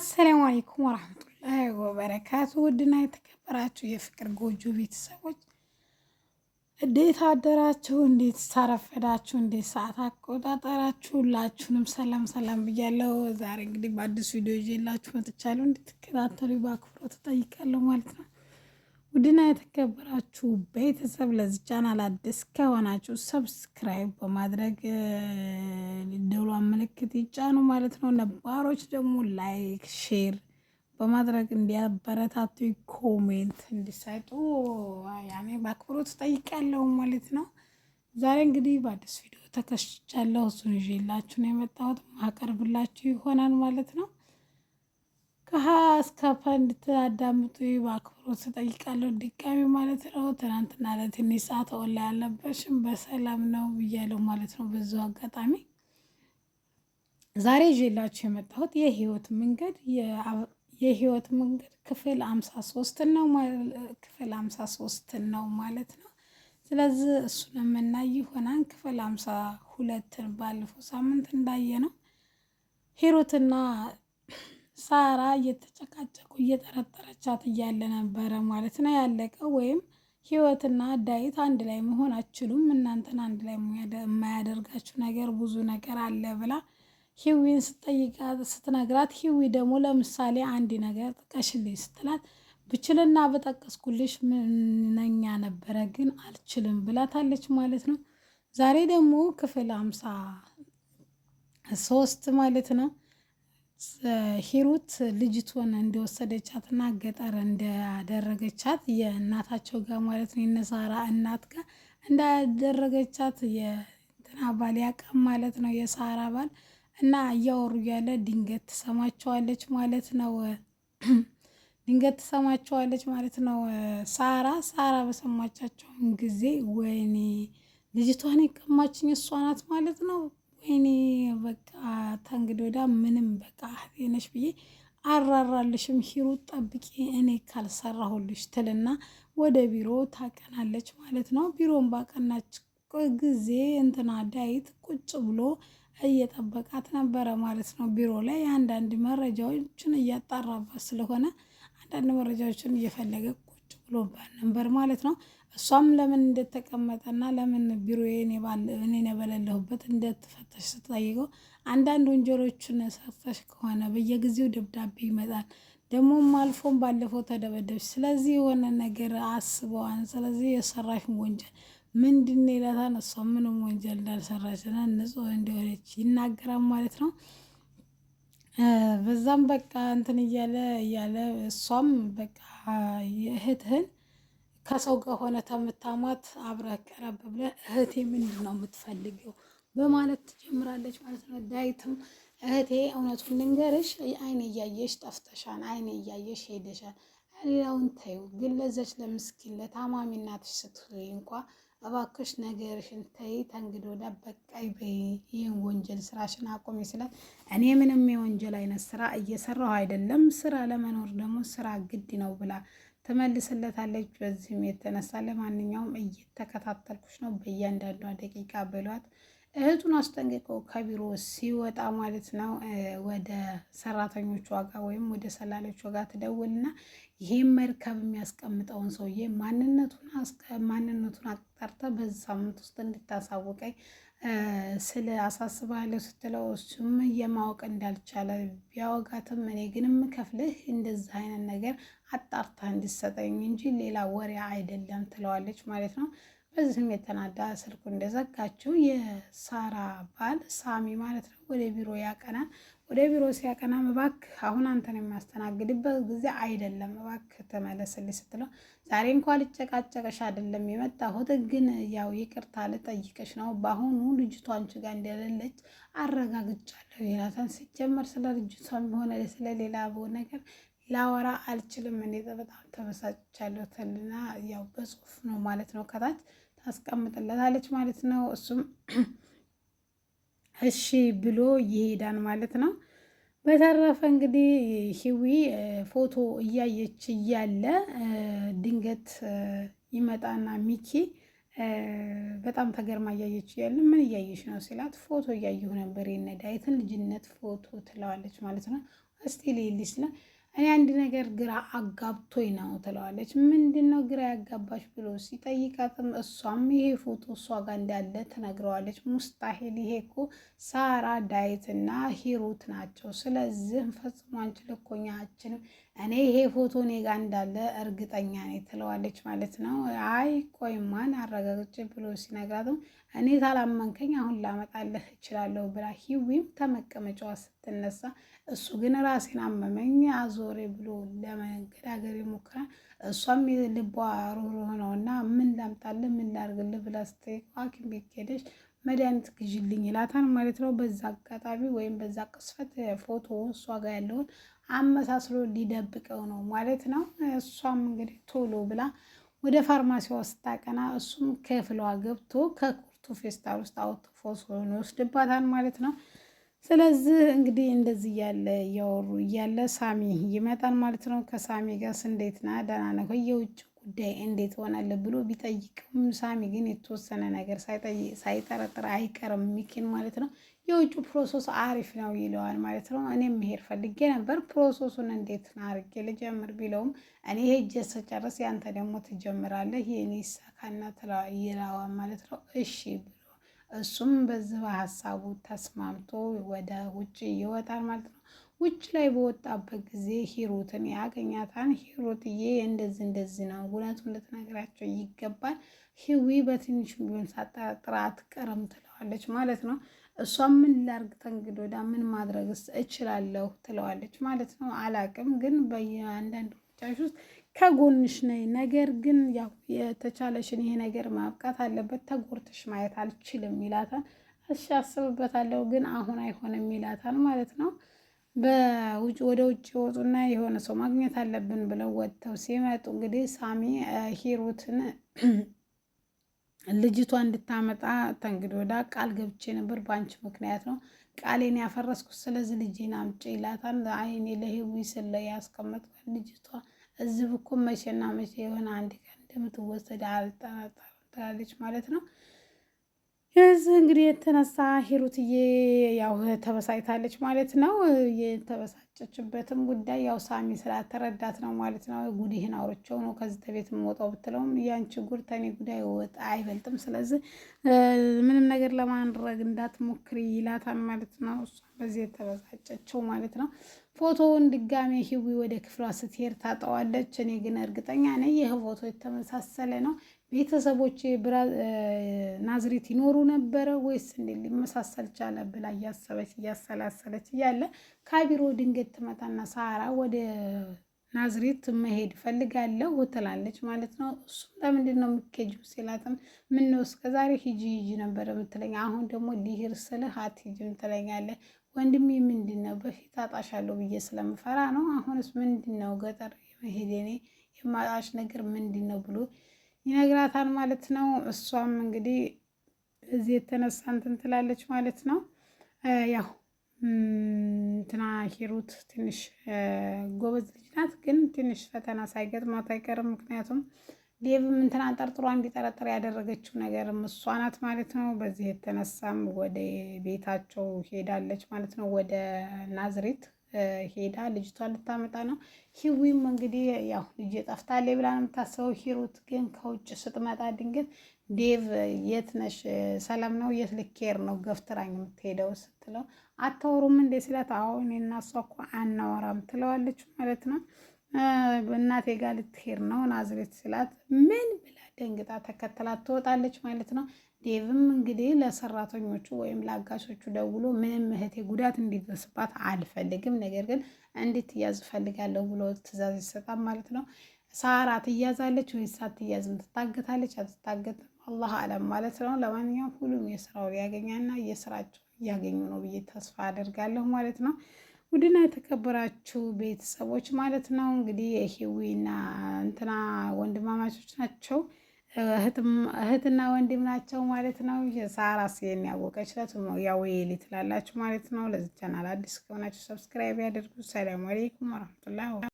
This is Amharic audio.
አሰላሙ አሌይኩም ወራህመቱላሂ ወበረካቱ። ውድና የተከበራችሁ የፍቅር ጎጆ ቤተሰቦች እንዴት አደራችሁ? እንዴት ሳረፈዳችሁ? እንዴት ሰዓት አቆጣጠራችሁ? ሁላችሁንም ሰላም ሰላም ብያለሁ። ዛሬ እንግዲህ በአዲስ ቪዲዮ ይዤላችሁ መጥቻለሁ። እንድትከታተሉ በአክብሮት እጠይቃለሁ ማለት ነው። ውድና የተከበራችሁ ቤተሰብ ለዚህ ቻናል አዲስ ከሆናችሁ ሰብስክራይብ በማድረግ ደውሏን ምልክት ይጫኑ ማለት ነው። ነባሮች ደግሞ ላይክ፣ ሼር በማድረግ እንዲያበረታቱ ኮሜንት እንዲሰጡ ያኔ በአክብሮት ጠይቃለሁ ማለት ነው። ዛሬ እንግዲህ በአዲስ ቪዲዮ ተከስቻለሁ። እሱን ይዤላችሁ ነው የመጣሁት ማቀርብላችሁ ይሆናል ማለት ነው። ከሀ እስከ ፐ እንድታዳምጡ በአክብሮት እጠይቃለሁ። ድጋሚ ማለት ነው። ትናንትና ለትንሽ ሰዓት ወላ ያለበሽም በሰላም ነው ብያለሁ ማለት ነው። ብዙ አጋጣሚ ዛሬ ይዤላችሁ የመጣሁት የህይወት መንገድ የህይወት መንገድ ክፍል አምሳ ሶስት ነው ክፍል አምሳ ሶስት ነው ማለት ነው። ስለዚህ እሱን የምናይ ይሆናል። ክፍል አምሳ ሁለትን ባለፈው ሳምንት እንዳየ ነው ሂሩትና ሳራ እየተጨቃጨቁ እየጠረጠረቻት እያለ ነበረ ማለት ነው ያለቀው። ወይም ህይወትና ዳዊት አንድ ላይ መሆን አችሉም፣ እናንተን አንድ ላይ የማያደርጋችሁ ነገር ብዙ ነገር አለ ብላ ሂዊን ስጠይቃት ስትነግራት፣ ሂዊ ደግሞ ለምሳሌ አንድ ነገር ጥቀሽልኝ ስትላት ብችልና በጠቀስኩልሽ ምነኛ ነበረ ግን አልችልም ብላታለች ማለት ነው። ዛሬ ደግሞ ክፍል አምሳ ሶስት ማለት ነው ሂሩት ልጅቱን እንደወሰደቻት እና ገጠር እንዳደረገቻት የእናታቸው ጋር ማለት ነው የነሳራ እናት ጋር እንዳደረገቻት የትና ባል ያቀም ማለት ነው የሳራ ባል እና እያወሩ ያለ ድንገት ትሰማቸዋለች ማለት ነው። ድንገት ትሰማቸዋለች ማለት ነው ሳራ። ሳራ በሰማቻቸውን ጊዜ ወይኔ ልጅቷን የቀማችኝ እሷ ናት ማለት ነው እኔ በቃ ተንግዶ ወዳ ምንም በቃ ነሽ ብዬ አራራልሽም ሂሩ ጠብቂ እኔ ካልሰራሁልሽ ትልና ወደ ቢሮ ታቀናለች ማለት ነው። ቢሮን ባቀናች ጊዜ እንትና ዳይት ቁጭ ብሎ እየጠበቃት ነበረ ማለት ነው። ቢሮ ላይ አንዳንድ መረጃዎችን እያጣራባት ስለሆነ አንዳንድ መረጃዎችን እየፈለገ ብሎባት ነበር ማለት ነው። እሷም ለምን እንደተቀመጠና ለምን ቢሮ እኔ የበለለሁበት እንደተፈተሽ ስትጠይቀው አንዳንድ ወንጀሎችን ሰርተሽ ከሆነ በየጊዜው ደብዳቤ ይመጣል፣ ደግሞም አልፎም ባለፈው ተደበደብሽ፣ ስለዚህ የሆነ ነገር አስበዋን፣ ስለዚህ የሰራሽ ወንጀል ምንድን ይለታል። እሷ ምንም ወንጀል እንዳልሰራችና ንጹሕ እንደሆነች ይናገራል ማለት ነው። በዛም በቃ እንትን እያለ እያለ እሷም በቃ እህትህን ከሰው ጋር ሆነ ተምታማት አብረህ ቀረብ ብለህ እህቴ ምንድን ነው የምትፈልገው በማለት ትጀምራለች ማለት ነው። ዳይትም እህቴ እውነቱን ልንገርሽ አይን እያየሽ ጠፍተሻን፣ አይን እያየሽ ሄደሻል። ሌላውን ተይው፣ ግን ለዘች ለምስኪን ለታማሚ እናትሽ ስትሆይ እንኳ እባክሽ ነገርሽን ተይ፣ ተንግዶ በቃይ በይ፣ ይህን ወንጀል ስራሽን አቁሚ ስላት እኔ ምንም የወንጀል አይነት ስራ እየሰራሁ አይደለም፣ ስራ ለመኖር ደግሞ ስራ ግድ ነው ብላ ትመልስለታለች። በዚህም የተነሳ ለማንኛውም እየተከታተልኩሽ ነው በእያንዳንዷ ደቂቃ ብሏት እህቱን አስጠንቅቆ ከቢሮ ሲወጣ ማለት ነው ወደ ሰራተኞቹ ጋር ወይም ወደ ሰላሎቹ ጋር ትደውልና ይሄን መርከብ የሚያስቀምጠውን ሰውዬ ማንነቱን አጣርተ በዚ ሳምንት ውስጥ እንድታሳውቀኝ ስለ አሳስባለሁ ስትለው እሱም የማወቅ እንዳልቻለ ቢያወጋትም እኔ ግን ምከፍልህ እንደዚህ አይነት ነገር አጣርታ እንድሰጠኝ እንጂ ሌላ ወሬ አይደለም ትለዋለች ማለት ነው። በዚህም የተናዳ ስልኩ እንደዘጋችው የሳራ ባል ሳሚ ማለት ነው ወደ ቢሮ ያቀናል። ወደ ቢሮ ሲያቀና እባክህ አሁን አንተን የማስተናግድበት ጊዜ አይደለም፣ እባክህ ተመለስልኝ ስትለው ዛሬ እንኳ ልጨቃጨቀሽ አይደለም የመጣሁት ግን ያው ይቅርታ ልጠይቅሽ ነው። በአሁኑ ልጅቷ አንቺ ጋር እንደሌለች አረጋግጫለሁ ይላታል። ሲጀመር ስለ ልጅቷ ሆነ ስለሌላ ነገር ላወራ አልችልም። እኔ በጣም ተበሳጭቻለሁ እና ያው በጽሁፍ ነው ማለት ነው ከታች ታስቀምጥለታለች ማለት ነው። እሱም እሺ ብሎ ይሄዳል ማለት ነው። በተረፈ እንግዲህ ሂዊ ፎቶ እያየች እያለ ድንገት ይመጣና ሚኪ በጣም ተገርማ እያየች እያለ ምን እያየች ነው ሲላት፣ ፎቶ እያየሁ ነበር የነ ዳዊትን ልጅነት ፎቶ ትለዋለች ማለት ነው። እስቲ ልይልሽ እኔ አንድ ነገር ግራ አጋብቶኝ ነው ትለዋለች። ምንድን ነው ግራ ያጋባሽ ብሎ ሲጠይቃትም እሷም ይሄ ፎቶ እሷ ጋር እንዳለ ትነግረዋለች። ሙስታሄል ይሄ እኮ ሳራ ዳይት ዳይትና ሂሩት ናቸው። ስለዚህ ፈጽሞ አንቺ ልኮኛ እኔ ይሄ ፎቶ እኔ ጋር እንዳለ እርግጠኛ ነኝ ትለዋለች ማለት ነው። አይ ቆይማን ማን አረጋግጭ ብሎ ሲነግራትም እኔ ካላመንከኝ አሁን ላመጣልህ እችላለሁ ብላ ሂዊም ከመቀመጫዋ ስትነሳ እሱ ግን ራሴን አመመኝ አዞሬ ብሎ ለመገዳገር ይሞክራል። እሷም ልቧ ሩህሩህ ነው እና ምን ላምጣልህ ምን ላድርግልህ ብላ ስትጠይቀው ሐኪም ቤት ሄደች መድኃኒት ግዥልኝ ይላታል ማለት ነው። በዛ አጋጣሚ ወይም በዛ ቅስፈት ፎቶ እሷ ጋር ያለውን አመሳስሎ ሊደብቀው ነው ማለት ነው። እሷም እንግዲህ ቶሎ ብላ ወደ ፋርማሲዋ ስታቀና እሱም ክፍሏ ገብቶ አውጥቶ ፌስታል ውስጥ አውጥቶ ፎሶን ይወስድባታል ማለት ነው። ስለዚህ እንግዲህ እንደዚህ እያለ እያወሩ እያለ ሳሚ ይመጣል ማለት ነው። ከሳሚ ጋርስ እንዴት ነህ? ደህና ነህ? የውጭ ጉዳይ እንዴት ሆናለ ብሎ ቢጠይቅም ሳሚ ግን የተወሰነ ነገር ሳይጠረጥር አይቀርም ሚኪን ማለት ነው። የውጭ ፕሮሰስ አሪፍ ነው ይለዋል ማለት ነው። እኔም መሄድ ፈልጌ ነበር ፕሮሰሱን እንዴት አርጌ ልጀምር ቢለውም እኔ ሄጄ ስጨርስ ያንተ ደግሞ ትጀምራለህ የኔ ይሳካና ይለዋል ማለት ነው። እሺ ብሎ እሱም በዚህ በሀሳቡ ተስማምቶ ወደ ውጭ ይወጣል ማለት ነው። ውጭ ላይ በወጣበት ጊዜ ሂሩትን ያገኛታን። ሂሩትዬ እንደዚህ እንደዚህ ነው እውነቱን ልትነግራቸው ይገባል፣ ሂዊ በትንሽ ቢሆን ሳጠራጥር አትቀርም ትለዋለች ማለት ነው። እሷ ምን ላርግ ተንግዶ ወዳ ምን ማድረግስ እችላለሁ ትለዋለች ማለት ነው። አላቅም ግን በየአንዳንድ ጉዳዮች ውስጥ ከጎንሽ ነኝ፣ ነገር ግን ያው የተቻለሽን ይሄ ነገር ማብቃት አለበት፣ ተጎርተሽ ማየት አልችልም ይላታል። እሺ አስብበታለሁ፣ ግን አሁን አይሆንም ይላታል ማለት ነው። ወደ ውጭ ወጡና የሆነ ሰው ማግኘት አለብን ብለው ወጥተው ሲመጡ እንግዲህ ሳሚ ሂሩትን ልጅቷ እንድታመጣ ተንግዶ ወዳ ቃል ገብቼ ነበር፣ በአንቺ ምክንያት ነው ቃሌን ያፈረስኩት። ስለዚህ ልጅን አምጪ ይላታል። አይኔ ለህዊ ስለ ያስቀመጥኳት ልጅቷ እዚህ ብኮ መቼና መቼ የሆነ አንድ ቀን እንደምትወሰድ አልጠራጠርም ትላለች ማለት ነው። እዚህ እንግዲህ የተነሳ ሂሩትዬ ያው ተበሳጭታለች ማለት ነው። የተበሳጨችበትም ጉዳይ ያው ሳሚ ስላተረዳት ነው ማለት ነው። ጉድህን አውርቼው ነው ከዚህ ተቤት የምወጣው ብትለውም ያንቺ ጉድ ተኔ ጉዳይ ወጣ አይበልጥም፣ ስለዚህ ምንም ነገር ለማድረግ እንዳትሞክሪ ይላታል ማለት ነው። እሷ በዚህ የተበሳጨችው ማለት ነው። ፎቶውን ድጋሜ ህዊ ወደ ክፍሏ ስትሄድ ታጠዋለች። እኔ ግን እርግጠኛ ነኝ ይህ ፎቶ የተመሳሰለ ነው ቤተሰቦቼ ናዝሬት ይኖሩ ነበረ ወይስ እንዴ ሊመሳሰል ቻለ ብላ እያሰበች እያሰላሰለች እያለ ከቢሮ ድንገት ትመጣና ሳራ ወደ ናዝሬት መሄድ ፈልጋለሁ ትላለች ማለት ነው። እሱም ለምንድን ነው የምትሄጂው ሲላትም ምነው እስከዛሬ ሂጂ ሂጂ ነበረ የምትለኝ አሁን ደግሞ ሊሄድ ስልህ አትሄጂም ትለኛለህ። ወንድሜ ምንድን ነው በፊት አጣሻለሁ ብዬ ስለምፈራ ነው። አሁንስ ምንድን ነው ገጠር መሄድ የኔ የማጣሽ ነገር ምንድን ነው ብሎ ይነግራታል ማለት ነው። እሷም እንግዲህ እዚህ የተነሳ እንትን ትላለች ማለት ነው። ያው እንትና ሂሩት ትንሽ ጎበዝ ልጅ ናት፣ ግን ትንሽ ፈተና ሳይገጥማት አይቀርም። ምክንያቱም ዴቭም እንትና ጠርጥሯ እንዲጠረጥር ያደረገችው ነገርም እሷ ናት ማለት ነው። በዚህ የተነሳም ወደ ቤታቸው ሄዳለች ማለት ነው፣ ወደ ናዝሬት ሄዳ ልጅቷን ልታመጣ ነው። ሂዊም እንግዲህ ያው ልጅ ጠፍታለች ብላ ነው የምታስበው። ሂሩት ግን ከውጭ ስትመጣ ድንገት ዴቭ የት ነሽ? ሰላም ነው? የት ልኬር ነው ገፍትራኝ የምትሄደው ስትለው አታወሩም እንዴ ሲላት አሁን እኔ እና እኮ አናወራም ትለዋለች ማለት ነው። እናቴ ጋር ልትሄድ ነው ናዝሬት ስላት ምን ብላ ደንግጣ ተከተላት ትወጣለች ማለት ነው። ዴቭም እንግዲህ ለሰራተኞቹ ወይም ለአጋሾቹ ደውሎ ምንም እህቴ ጉዳት እንዲደርስባት አልፈልግም፣ ነገር ግን እንድትያዝ እፈልጋለሁ ብሎ ትዕዛዝ ይሰጣል ማለት ነው። ሳራ ትያዛለች ወይስ አትያዝም? ትታገታለች አትታገትም? አላህ አለም ማለት ነው። ለማንኛውም ሁሉም የስራው ያገኛና የስራቸው እያገኙ ነው ብዬ ተስፋ አደርጋለሁ ማለት ነው። ውድና የተከበራችሁ ቤተሰቦች ማለት ነው እንግዲህ የሂዊና እንትና ወንድማማቾች ናቸው። እህትና ወንድም ናቸው ማለት ነው። የሳራ ሲን ያወቀች ለት ያው የሌ ትላላችሁ ማለት ነው። ለዚህ ቻናል አዲስ ከሆናችሁ ሰብስክራይብ ያደርጉ። ሰላም አለይኩም ወረመቱላ